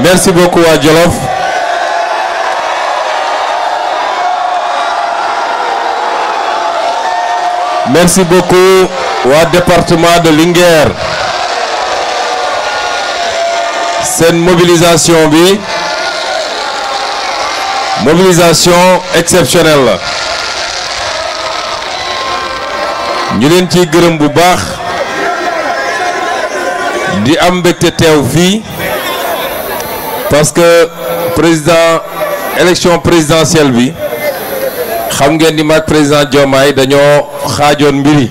merci beaucoup waa Jolof merci beaucoup waa département de Linguère seen mobilisation bi mobilisation exceptionnelle la ñu leen ciy gërëm bu baax di am mbégte teew fii parce que président élection présidentielle bi xam ngeen ni maag président Diomaye dañoo xaajoon mbiri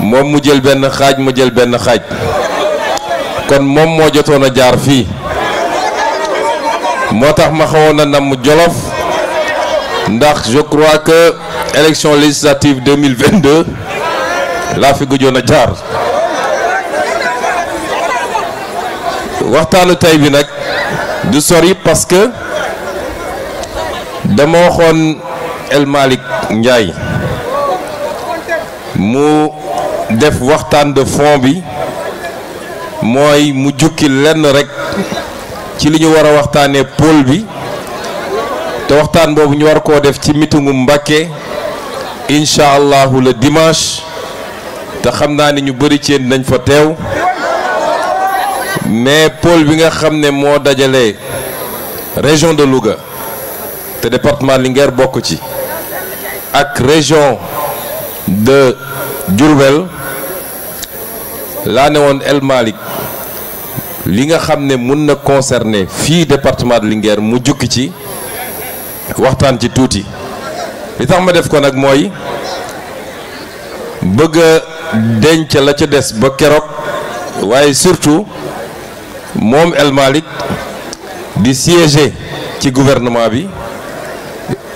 moom mu jël benn xaaj mu jël benn xaaj kon moom moo jotoon a jaar fii moo tax ma xawoon a namm Jolof ndax je crois que élection législative 2022 laa fi gëjoon a jaar waxtaanu tey bi nag du sori parce que dama waxoon El Malick mu def waxtaan de fon bi mooy mu jukki lenn rek ci li ñu war a waxtaanee pôle bi te waxtaan boobu ñu war koo def ci mitingu Mbacké incha allahu le dimanche te xam naa ni ñu bëri ci nañ fa teew. mais pôle bi nga xam ne moo dajalee région de Louga te département Linguère bokk ci ak région de Diourbel laa ne woon El Malick li nga xam ne mun na concerner fii département de mu jukki ci waxtaan ci tuuti li tax ma def ko nag mooy bëgg a denc la ca des ba keroog waaye surtout moom El Malick di siéger ci gouvernement bi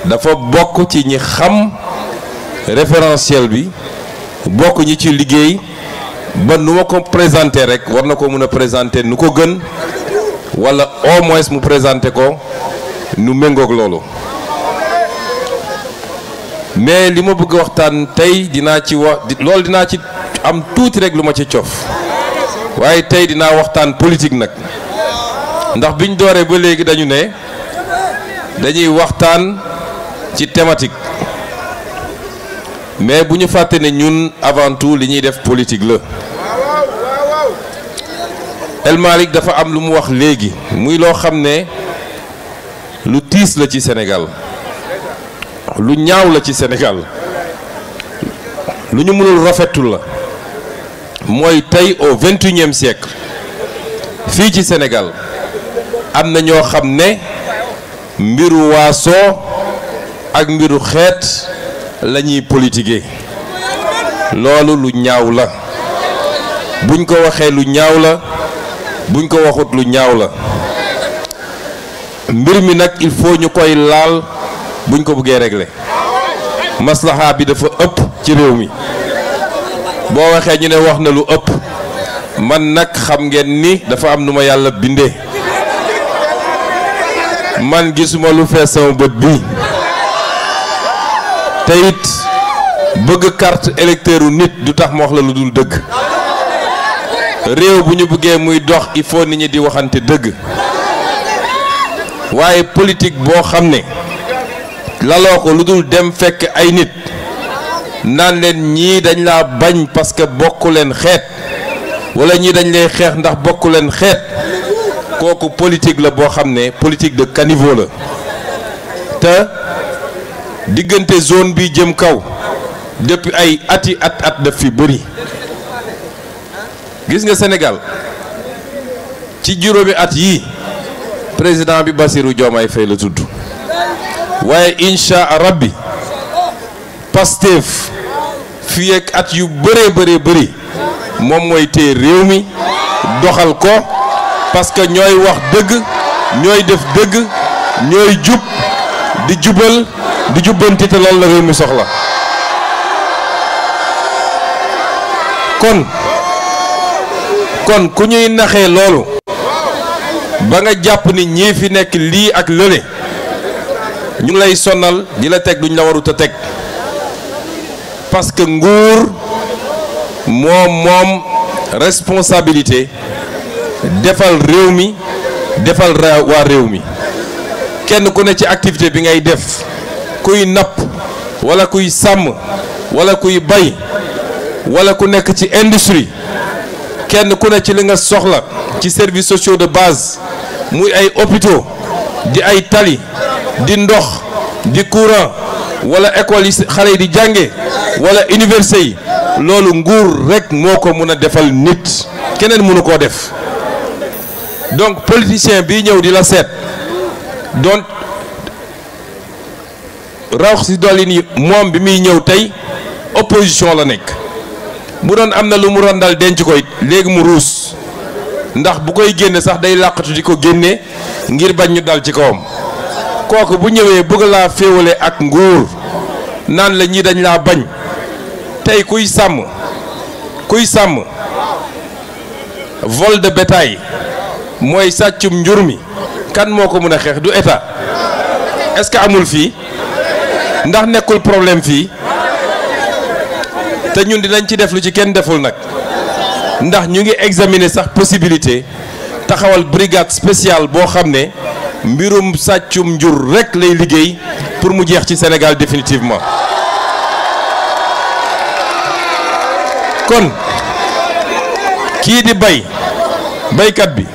dafa bokk ci ñi xam référentiel bi bokk ñi ci liggéey ba nu ma ko présenter rek war na ko mën a présenter nu ko gën wala au moins mu présenter ko nu méngoog loolu mais li ma bëgg waxtaan tey dinaa ci wax loolu dinaa ci am tuuti rek lu ma ci cof waaye tey dinaa waxtaan politique nag ndax biñ dooree ba léegi dañu ne dañuy waxtaan ci thématique mais bu ñu fàtte ne ñun avant tout li ñuy def politique la El Malick dafa am lu mu wax léegi muy loo xam ne lu tiis la ci Sénégal lu ñaaw la ci Sénégal lu ñu mënul rafetul la mooy tey au vingt et unième siècle fii ci senegal am na ñoo xam ne mbiru waaso ak mbiru xeet la ñuy politiquer loolu lu ñaaw la buñ ko waxee lu ñaaw la buñ ko waxut lu ñaaw la mbir mi nag il faut ñu koy laal buñ ko buggee régler maslaha bi dafa ëpp ci réew mi boo waxee ñu ne wax na lu ëpp man nag xam ngeen ni dafa am nu ma yàlla bindee man gisuma lu fees sama bët bii te bëgg carte électeur u nit du tax ma wax la lu dul dëgg réew bu ñu bëggee muy dox il faut ñi di waxante dëgg waaye politik boo xam ne laloo ko lu dul dem fekk ay nit naan leen ñii dañ laa bañ parce que bokku leen xeet wala ñii dañ lay xeex ndax bokku leen xeet kooku politique la boo xam ne politique de caniveau la te diggante zone bi jëm kaw depuis ay ati at at daf fi bëri gis nga Sénégal ci juróomi at yi président bi Bassirou Diomaye Faye la tudd waaye incha rabbi Pastef fii ak at yu bëree bëree bari moom mooy téye réew mi doxal ko parce que ñooy wax dëgg ñooy def dëgg ñooy jub di jubal di jubbanti loolu la réew mi soxla kon kon ku ñuy naxee loolu ba nga jàpp ni ñii fi nekk lii ak lële ñu lay sonnal di la teg duñ la warut teg parce que nguur moom moom responsabilité defal réew mi defal waa réew mi kenn ku ne ci activité bi ngay def kuy napp wala kuy sàmm wala kuy bay wala ku nekk ci industrie kenn ku ne ci li nga soxla ci service sociaux de base muy ay hôpitaux di ay tali di ndox di courant wala école yi xale yi di jànge wala université yi loolu nguur rek moo ko mun a defal nit keneen mënu koo def donc politicien bi ñëw di la seet donc raw si dolli moom bi muy ñëw tey opposition la nekk bu doon am na lu mu randal denc koy léegi mu ruus ndax bu koy génne sax day làqatu di ko génnee ngir bañ ñu dal ci kawam. kooku bu ñëwee bëgg laa féewale ak nguur naan la ñii dañ laa bañ tey kuy sàmm kuy sàmm vol de bétail mooy sàccum njur mi kan moo ko mën a xeex du état est-ce que amul fii ndax nekkul problème fii te ñun dinañ ci def lu ci kenn deful nag ndax ñu ngi examiner sax possibilité taxawal brigade spéciale boo xam ne mbirum sàccum njur rekk lay liggéey pour mu jeex ci Sénégal définitivement kon kii di bay baykat bi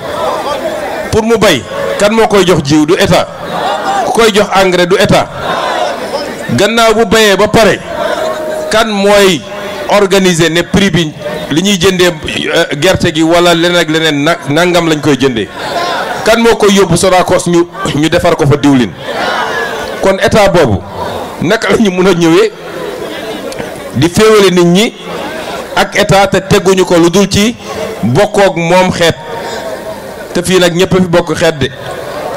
pour mu bay kan moo koy jox jiw du état ku koy jox engrais du état gannaaw bu bayee ba pare kan mooy organiser ne prix bi li ñuy jëndee euh, gerte gi walla leneen ak leneen nangam lañ koy jëndee kan moo koy yóbbu Sonacos ñu ñu defar ko fa diwlin kon état boobu naka la ñu mun a ñëwee di féewale nit ñi ak état te tegguñu ko lu dul ci bokkook moom xeet te fii nag ñëpp fi bokk xeet de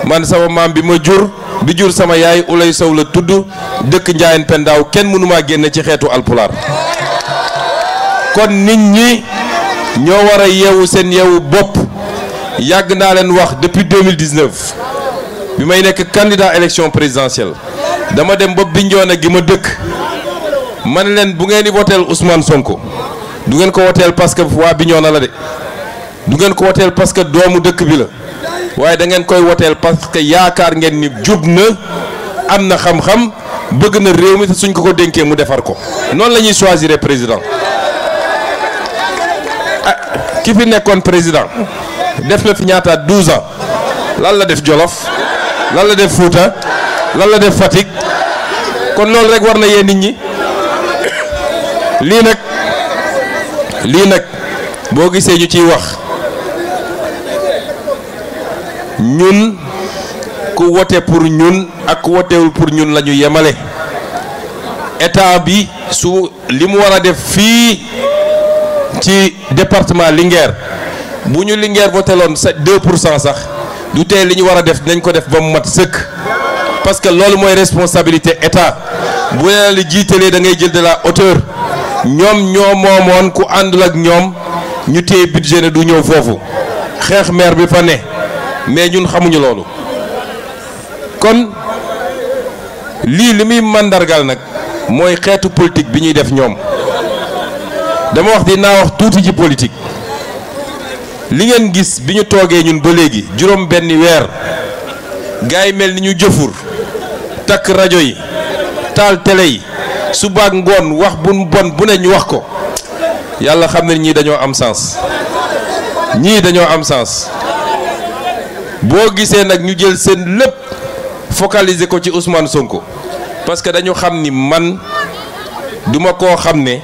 man sama maam bi ma jur bi jur sama yaay ulay sow la tudd dëkk njaayan pendaaw kenn mënumaa génne ci xeetu alpulaar kon nit ñi ñoo war a yeewu seen yeewu bopp yàgg naa leen wax depuis 2019 bi may nekk candidat élection présidentielle dama dem ba Bignona gi ma dëkk man leen bu ngeen di woteel Ousmane ko du ngeen ko woteel parce que waa Bignona la de du ngeen ko woteel parce que doomu dëkk bi la waaye da ngeen koy woteel parce que yaakaar ngeen ni jub na am na xam-xam bëgg na réew mi te suñ ko ko dénkee mu defar ko noonu la ñuy choisir président ah, ki fi nekkoon président def na fi ñaataat 12 ans lan la def Jolof lan la def Fuuta lan la def Fatick kon loolu rek war na yee nit ñi lii nag lii nag boo gisee ñu ciy wax ñun ku wote pour ñun ak ku wotewul pour ñun la ñu yemale état bi su li mu war a def fii ci département Linguère bu ñu lingeer voté loon sa 2 pour cent sax du tey li ñu war a def dinañ ko def ba mu mat sëkk parce que loolu mooy responsabilité état bu leen li jiitalee da ngay jël de la hauteur ñoom ñoo moomoon ku àndul ak ñoom ñu téye budget ne du ñëw foofu xeex maire bi fa ne mais ñun xamuñu loolu kon lii li muy màndargal nag mooy xeetu politique bi ñuy def ñoom dama wax dinaa wax tuuti ci politique. li ngeen gis bi ñu toogee ñun ba léegi juróom benni weer gars yi mel ni ñu jëfur takk rajo yi taal télé yi suba ngoon wax bu bon bu ne ñu wax ko yàlla xam ne ñii dañoo am sens ñii dañoo am sens boo gisee nag ñu jël seen lépp focaliser ko ci Ousmane Sonko parce que dañu xam ni man duma koo xam ne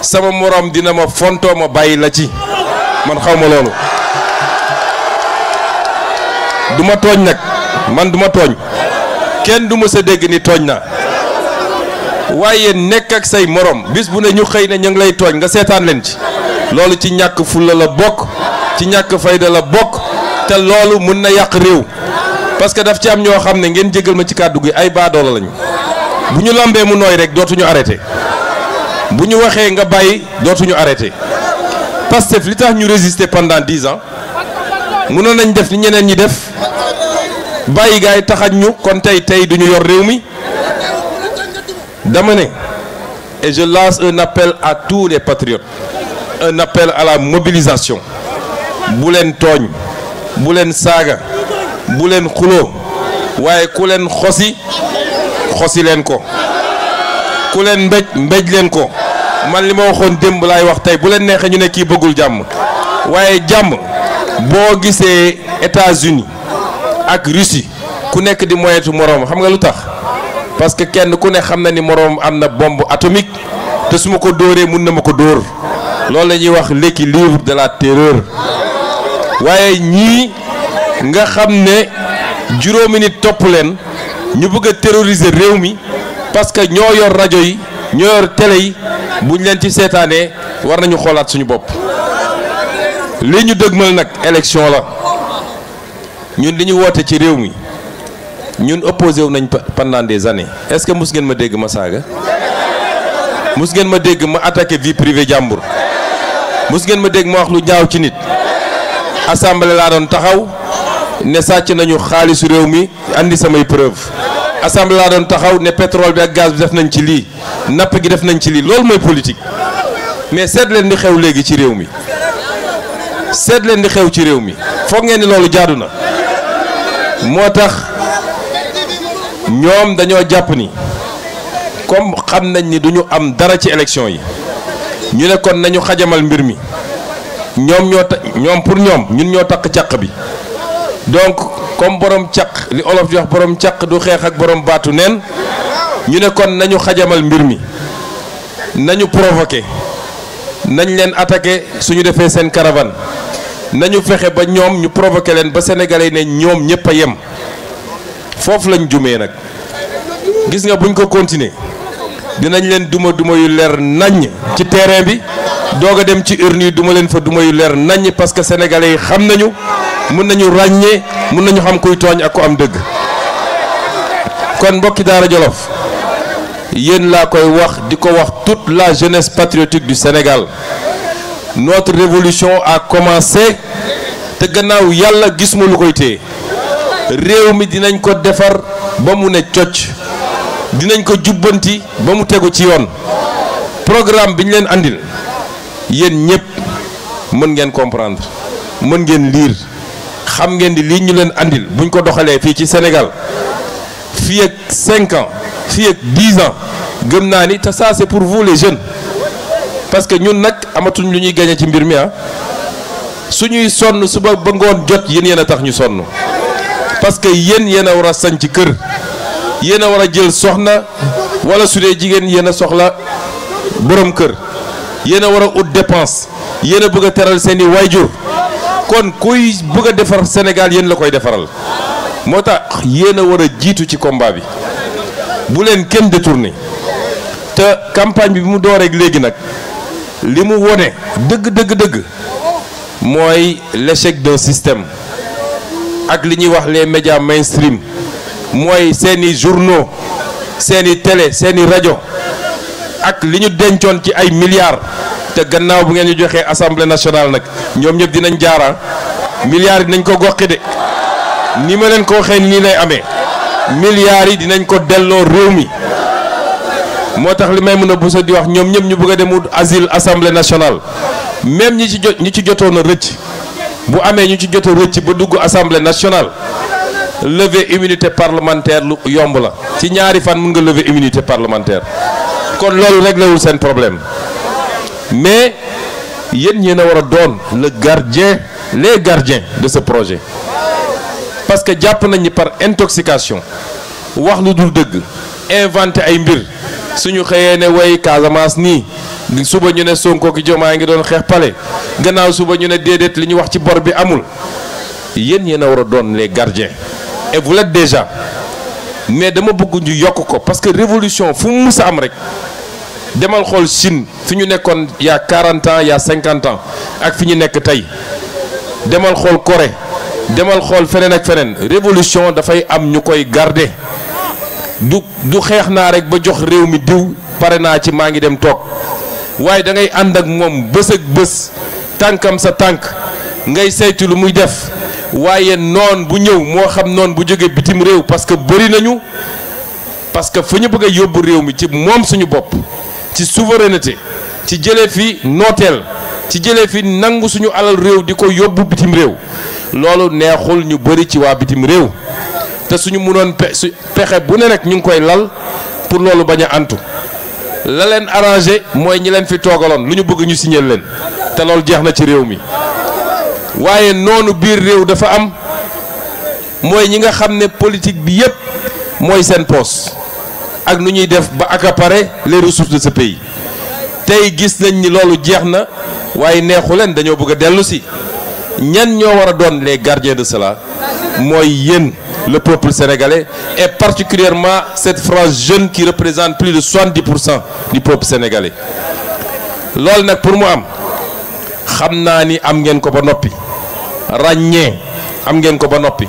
sama moroom dina ma fontoo ma bàyyi la ci man xaw ma loolu duma ma tooñ nag man duma tooñ kenn du ma sa dégg ni tooñ na waaye nekk ak say morom bis bu ne ñu xëy ne ñu lay tooñ nga seetaan leen ci loolu ci ñàkk fulla la bokk ci ñàkk fayda la bokk te loolu mun na yàq réew parce que daf ci am ñoo xam ne ngeen jégal ma ci kàddu gi ay baadoola lañu bu ñu làmbee mu nooy rek dootuñu arrêté bu ñu waxee nga bàyyi dootuñu arrêté Pastef li tax ñu résister pendant dix ans mënoon nañ def ni ñeneen ñi def bàyyi gaay yi taxat ñu kon tey tey duñu yor réew mi dama ne et je lance un appel à tous les patriotes un appel à la mobilisation bu leen tooñ bu leen saaga bu leen xuloo waaye ku leen xosi xosi leen ko ku leen mbéj mbéj leen ko man li ma waxoon démb laay wax tey bu leen neexee ñu ne kii bëggul jàmm waaye jàmm boo gisee États-Unis ak Russie ku nekk di moyetu moroom xam nga lu tax parce que kenn ku ne xam na ni moroom am na bombe atomique te su ma ko dóoree mun na ma ko dóor loolu la ñuy wax l'équilibre de la terreur waaye ñii nga xam ne juróomi nit topp leen ñu bëgg a terroriser réew mi parce que ñoo yor rajo yi ñoo yor télé yi buñ leen ci seetaanee war nañu xoolaat suñu bopp li ñu dëgmal nag élection la ñun li ñu woote ci réew mi ñun opposé wu nañ pendant des années est-ce que mus ngeen ma dégg ma saaga mus ngeen ma dégg ma attaqué vie privée jàmbur mus ngeen ma dégg ma wax lu ñaaw ci nit assemblée laa doon taxaw ne sàcc nañu xaalisu réew mi indi samay preuve assemblée laa doon taxaw ne pétrole bi ak gaz bi def nañ ci lii napp gi def nañ ci lii loolu mooy politique mais seet leen di xew léegi ci réew mi seet leen xew ci réew mi foog ngeen ni loolu jaadu na moo tax ñoom dañoo jàpp ni comme xam nañ ni duñu am dara ci élection yi ñu ne kon nañu xajamal mbir mi ñoom ñoo ta ñoom pour ñoom ñun ñoo takk càq bi donc comme borom caq li olof di wax borom caq du xeex ak borom baatu neen ñu nekkoon nañu xajamal mbir mi nañu provoqué nañ leen attaqué suñu defee seen caravane nañu fexe ba ñoom ñu provoqué leen ba yi ne ñoom ñëpp a yem foofu lañ jumee nag gis nga buñ ko continuer dinañ leen duma duma yu leer naññ ci terrain bi doog a dem ci urne yi duma leen fa duma yu leer naññ parce que sénégalais yi xam nañu. mën nañu ràññee mën nañu xam kuy tooñ ak ku am dëgg kon mbokki Daara Jolof yéen laa koy wax di ko wax toute la jeunesse patriotique du Sénégal notre révolution a commencé te gannaaw yàlla gis ma lu koy téye réew mi dinañ ko defar ba mu ne coc dinañ ko jubbanti ba mu tegu ci yoon programme bi ñu leen andil yéen ñëpp mën ngeen comprendre mën ngeen liir xam ngeen di lii ñu leen andil bu ñu ko doxalee fii ci Sénégal fii ak 5 ans fii ak 10 ans gëm naa ni te ça c'est pour vous les jeunes parce que ñun nag amatuñ lu ñuy gañe ci mbir mi ah suñuy sonn suba ba ngoon jot yéen yéen a tax ñu sonn parce que yéen yéen a war a sañ kër yéen a war a jël soxna wala su dee jigéen yéen a soxla borom kër yéen a war a ut dépense yéen a bëgg a teral seeni waajur. kon kuy bëgg a defar Sénégal yéen la koy defaral moo tax yéen a war a jiitu ci combat bi bu leen kenn détourné te campagne bi mu door rek léegi nag li mu wone dëgg dëgg dëgg mooy l'échec d'un système ak li ñuy wax les médias mainstream mooy seeni journaux seeni télé seeni rajo ak li ñu dencoon ci ay milliards te gannaaw bu ngeen ñu joxee assemblée nationale nag ñoom ñëpp dinañ jaara milliards yi dinañ ko goqi de ni ma leen ko waxee nii lay amee milliards yi dinañ ko delloo réew mi moo tax li may mën a busa di wax ñoom ñëpp ñu bëgg a dem wut asile assemblée nationale même ñu ci jot ñi ci jotoon a rëcc bu amee ñu ci jotoo a rëcc ba dugg assemblée nationale lever immunité parlementaire lu yomb la ci ñaari fan mën nga lever immunité parlementaire. kon loolu réglé wul seen problème mais yéen ñeen a war a doon la gardien les gardiens de ce projet parce que jàpp nañ ni par intoxication wax lu dul dëgg inventé ay mbir suñu xëyee ne way Casamance nii suba ñu ne Sonko ki Diomaye ngi doon xeex pale gannaaw suba ñu ne déedéet li ñu wax ci bor bi amul yéen yéen a war a doon les gardiens et vous l'êtes déjà mais dama bëgg ñu yokk ko parce que révolution fu mu sa am rek demal xool Chine fi ñu nekkoon yaa y a 40 ans il ak fi ñu nekk tey demal xool Corée demal xool feneen ak feneen révolution dafay am ñu koy garde du du xeex naa rek ba jox réew mi diw pare naa ci maa ngi dem toog waaye dangay ànd ak moom bés ak bés tànkam sa tànk ngay saytu lu muy def. waaye noon bu ñëw moo xam noon bu jógee bitim réew parce que bëri nañu parce que fu ñu bëgg a yóbbu réew mi ci moom suñu bopp ci souveraineté ci jëlee fi nooteel ci jëlee fi nangu suñu alal réew di ko yóbbu bitim réew loolu neexul ñu bëri ci waa bitim réew te suñu mënoon pe su pexe bu ne rek ñu ngi koy lal pour loolu bañ a antu la leen arrangé mooy ñi leen fi toogaloon lu ñu bëgg ñu signé leen te loolu jeex na ci réew mi. waaye noonu biir réew dafa am mooy ñi nga xam ne politique bi yépp mooy seen poos ak nu ñuy def ba accaparer les ressources de ce pays tey gis nañ ni loolu jeex na waaye neexu leen dañoo bëgg a dellu si ñan ñoo war a doon les gardiens de cela mooy yéen le peuple sénégalais et particulièrement cette frange jeune qui représente plus de di pour cent du peuple loolu nag pour mu am xam naa ni am ngeen ko ba noppi ràññee am ngeen ko ba noppi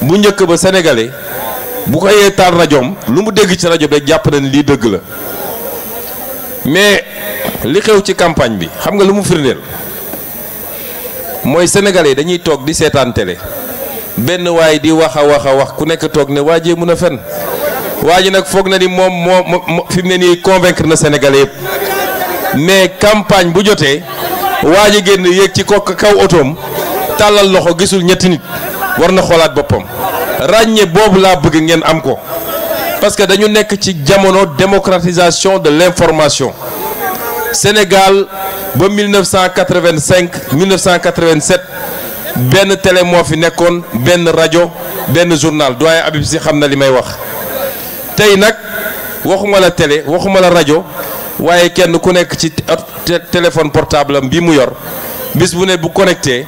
bu njëkk ba sénégalais bu ko yee taal rajoom lu mu dégg ci rajo beeg jàpp na ni lii dëgg la mais li xew ci campagne bi xam nga lu mu firndeel mooy sénégalais dañuy toog di seetaan télé benn waay di wax a wax wax ku nekk toog ne waa jee mën a fen waa ji nag foog na ni moom moo fi ne nii convaincre na sénégalais yëpp mais campagne bu jotee. waa ji génn yéeg ci kokk kaw otoom tàllal loxo gisul ñetti nit war na xoolaat boppam ràññee boobu laa bëgg ngeen am ko parce que dañu nekk ci jamono démocratisation de l'information Sénégal ba 1985 1987 benn télé moo fi nekkoon benn rajo benn journal doyen Habib si xam na li may wax tey nag waxuma la télé waxuma la rajo waaye kenn ku nekk ci téléphone portable am bi mu yor bis bu ne bu connecté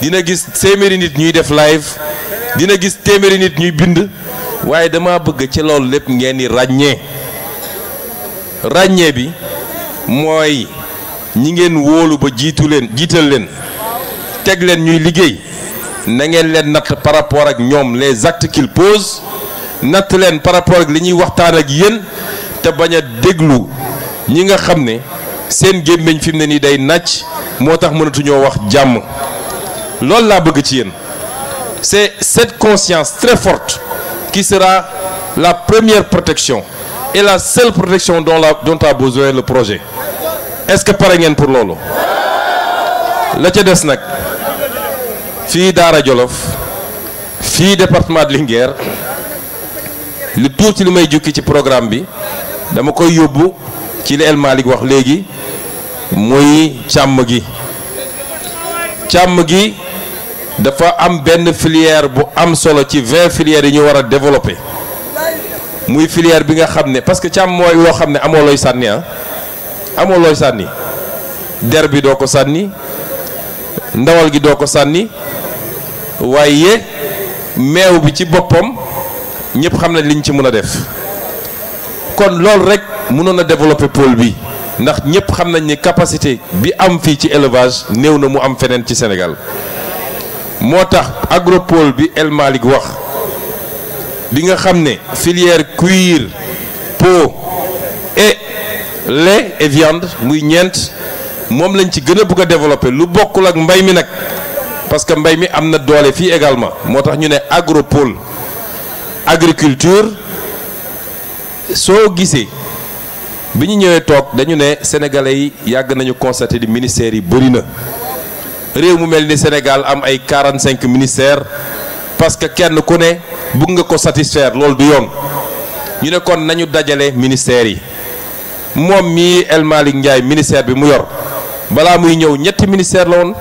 dina gis téeméeri nit ñuy def live dina gis téeméeri nit ñuy bind waaye dama bëgg ci loolu lépp ngeen di ràññee ràññee bi mooy ñi ngeen wóolu ba jiitu leen jiital leen teg leen ñuy liggéey na ngeen leen natt par rapport ak ñoom les actes qu'ils natt leen par rapport ak li ñuy waxtaan ak yéen te bañ a déglu ñi nga xam ne seen gémmiñ fi mu ne nii day nàcc moo tax mënatuñoo wax jàmm loolu laa bëgg ci yéen c'est cette conscience très forte qui sera la première protection et la seule protection dont la dont a besoin le projet est-ce que pare ngeen pour loolu la ca des nag fii Daara Jolof fii département de Linguère lu tuuti lu may jukki ci programme bi dama koy yóbbu ci li El Malick wax léegi muy càmm gi càmm gi dafa am benn filière bu am solo ci vingt filières yi ñu war a développer muy filière bi nga xam ne parce que càmm mooy woo xam ne amoo looy sànni ah. sànni der bi doo ko sànni ndawal gi doo ko sànni waaye meew bi ci boppam ñëpp xam nañ liñ ci mën a def kon loolu rek. mënoon a développer pole bi ndax ñëpp xam nañ ni capacité bi am fii ci élevage néew na mu am feneen ci Sénégal moo tax agropole bi El Malick wax bi nga xam ne filière cuir peau et lait et viande muy ñeent moom lañ ci gën a bëgg a développer lu bokkul ak mbay mi nag parce que mbay mi am na doole fii également moo tax ñu ne agropole agriculture soo gisee bi ñu ñëwee toog dañu ne sénégalais yi yàgg nañu constaté di ministères yi bëri na réew mu mel ni Sénégal am ay 45 ministères parce que kenn ku ne bugg nga ko satisfaire loolu du yoon ñu ne kon nañu dajale ministères yi moom mii El Malick Ndiaye ministère bi mu yor balaa muy ñëw ñetti ministère lawoon woon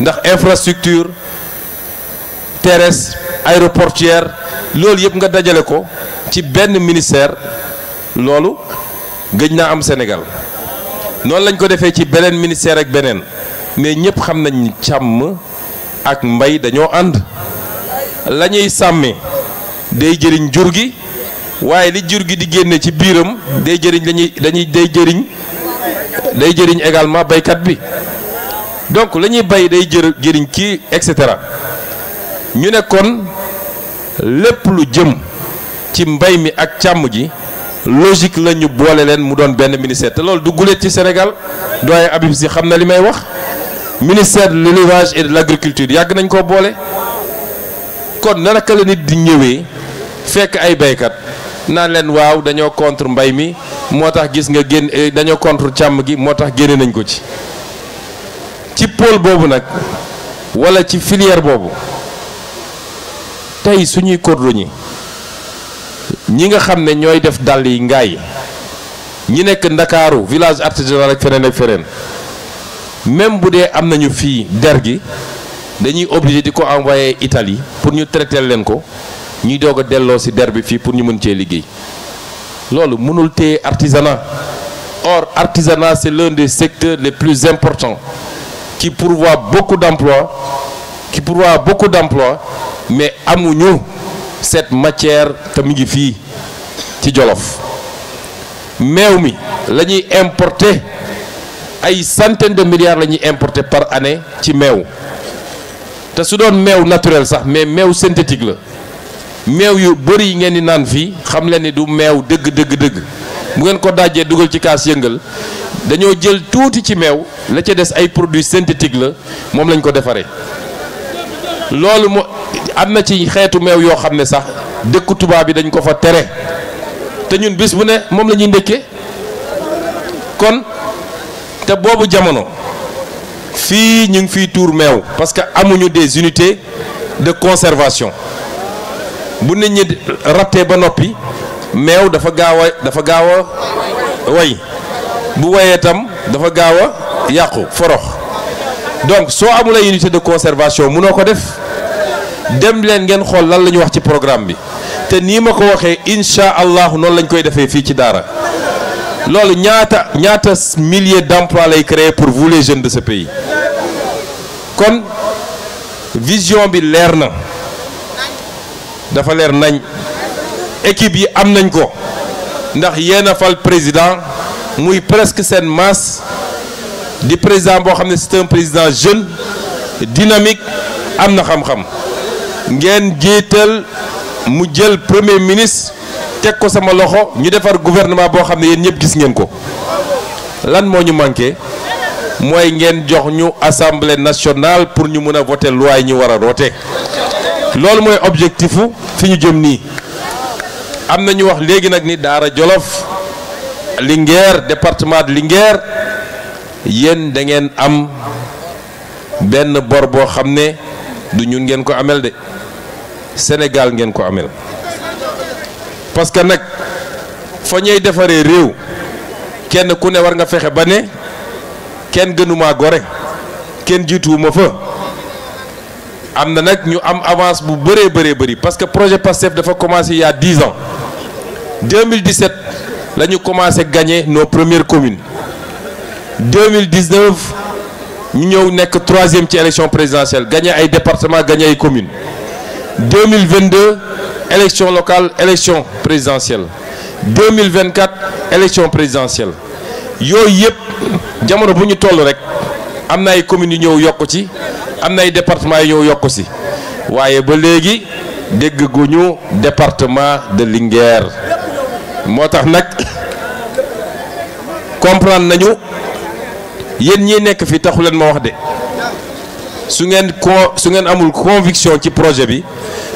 ndax infrastructure teres aéroportuaire loolu yëpp nga dajale ko ci benn ministère loolu gëj naa am Sénégal noonu lañ ko defee ci beneen ministère ak beneen mais ñëpp xam nañ ni càmm ak mbay dañoo ànd la ñuy sàmmee day jëriñ jur gi waaye li jur gi di génne ci biiram day jëriñ lañuy dañuy day jëriñ day jëriñ également baykat bi donc la ñuy bay day jër jëriñ kii et cetera ñu nekkoon lépp lu jëm ci mbay mi ak càmm ji logique la ñu boole leen mu doon benn ministère te loolu du guléet ci Sénégal doyen Habib Sy xam na li may wax ministère de l'élevage et l'agriculture yàgg nañ koo boole kon naka la nit di ñëwee fekk ay baykat naa leen waaw dañoo contre mbay mi moo tax gis nga génn eh, dañoo contre càmm gi moo tax génne nañ ko ci ci pôle boobu nag wala ci filière boobu tey suñuy cordonnier ñi nga xam ne ñooy def dàll yi ngay ñi nekk ndakaaru village artisanal ak feneen ak feneen même bu dee am nañu fii der gi dañuy obligé di ko envoyé Italie pour ñu traité leen ko ñuy doog delloo ci der bi fii pour ñu mën cee liggéey loolu mënul téye artisanat or artisanat c'est l'un des secteurs les plus importants qui pourvoit beaucoup d'emplois qui pourvoit beaucoup d'emplois mais amuñu cette matière te mu ngi fii ci Jolof meew mi la ñuy importer ay centaines de milliards la ñuy importer par année ci meew te su doon meew naturel sax mais meew synthétique la meew yu bëri yi ngeen di naan fii xam leen ni du meew dëgg dëgg dëgg bu ngeen ko dajee dugal ci kaas yëngal dañoo jël tuuti ci meew la ca des ay produits synthétiques la moom lañ ko defaree loolu moo am na ci xeetu meew yoo xam ne sax dëkku tubaab yi dañ ko fa tere te ñun bis bu ne moom la ñuy ndëkkee kon te boobu jamono fii ñu ngi fiy tuur meew parce que amuñu des unités de conservation bu nit ñi rattee ba noppi meew dafa gaaw a dafa gaaw a way bu wayee tam dafa gaaw a yàqu forox donc soo amul ay de conservation mënoo ko def dem leen ngeen xool lan la ñu wax ci programme bi te nii ma ko waxee incha allahu noonu lañ koy defee fii ci daara loolu ñaata ñaata milliers d'emplois lay créer pour vous les de ce pays kon vision bi leer na dafa leer nañ équipe yi am nañ ko ndax yéen a fal président muy presque seen masse di président boo xam ne c'est président jeune dynamique am na xam-xam ngeen jiital mu jël premier ministre teg ko sama loxo ñu defar gouvernement boo xam ne yéen ñëpp gis ngeen ko lan moo ñu manqué mooy ngeen jox ñu assemblée nationale pour ñu mën a voter loi ñu war a roote loolu mooy objectifu fi ñu jëm nii am na ñu wax léegi nag ni Daara Jolof Linguère département de Linguère yéen da ngeen am benn bor boo xam ne du ñun ngeen ko ameel de Sénégal ngeen ko amel parce que nag fa ñuy defaree réew kenn ku ne war nga fexe ba ne kenn gënumaa gore kenn jiituwuma fa am na nag ñu am avance bu bëree bëree bëri parce que projet PASTEF dafa commencé il y a 10 ans 2017 la ñu commencé gagner nos premières communes 2019 ñu ñëw nekk troisième ci élection présidentielle gagné ay département gagné ay commune 2022 élection locale élection présidentielle 2024 élection présidentielle yooyu yëpp jamono bu ñu toll rek am na ay communes yu ñëw yokk ci am na ay départements yu ñëw yokk ci waaye ba léegi dégg gu ñu département de Linguère moo tax nag comprendre nañu yéen ñi nekk fi taxu leen ma wax de su ngeen con su ngeen amul conviction ci projet bi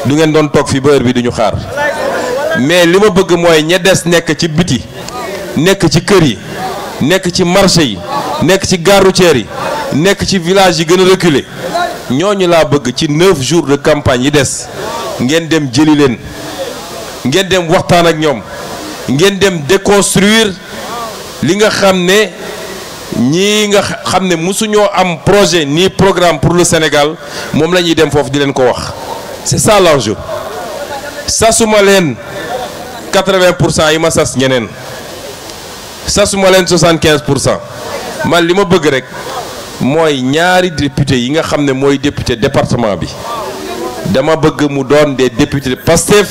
du ngeen doon toog fi ba bi duñu xaar mais li ma bëgg mooy ña des nekk ci biti nekk ci kër yi nekk ci marché yi nekk ci gare routière yi nekk ci village yi gën a reculé ñooñu laa bëgg ci neuf jours de campagne yi des ngeen dem jëli leen ngeen dem waxtaan ak ñoom ngeen dem déconstruire li nga xam ne ñii nga xam ne mosuñoo am projet ni programme pour le Sénégal moom la ñuy dem foofu di leen ko wax c'est ça l'enjeu sasuma leen 80 pour cent yi ma sas ñeneen sasuma leen 75 pour cent man li ma bëgg rek mooy ñaari député yi nga xam ne mooy député département bi dama bëgg mu doon des députés Pastef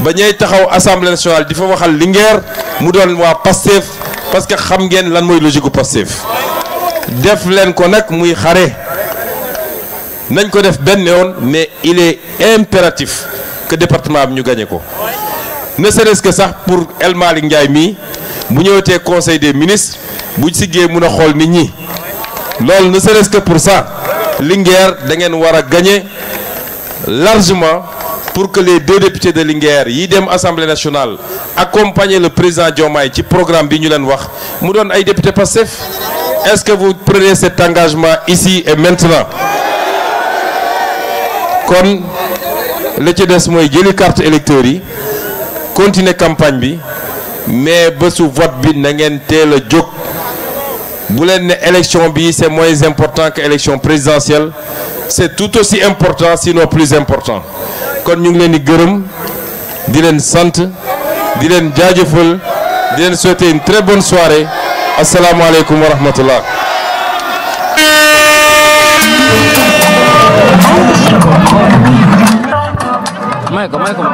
ba ñay taxaw assemblée nationale di fa waxal Linguère mu doon waa Pastef parce que xam ngeen lan mooy logique gu Pastef def leen ko nag muy xare nañ ko def benn yoon mais il est impératif que département bi ñu gagné ko ne serait que sax pour El Malick Ndiaye mii bu ñëwatee conseil des ministre bu siggee mun a xool nit ñi loolu ne serait que pour ça Linguère da ngeen war a gagné largement. pour que les deux députés de Linguère yi dem assemblée nationale accompagner le président Diomaye ci programme bi ñu leen wax mu doon ay député Pastef est-ce que vous prenez cet engagement ici et maintenant kon la ci des mooy jëli carte électeur yi continuer campagne bi mais béssu vote bi na ngeen teel a jóg bu leen ne élection bi c'est moins important que élection présidentielle c'est tout aussi important sinon plus important kon ñu ngi leen di gërëm di leen sant di leen jaajëfal di leen souhaiter une très bonne soirée asalaamaaleykum wa rahmatullah Michael, Michael.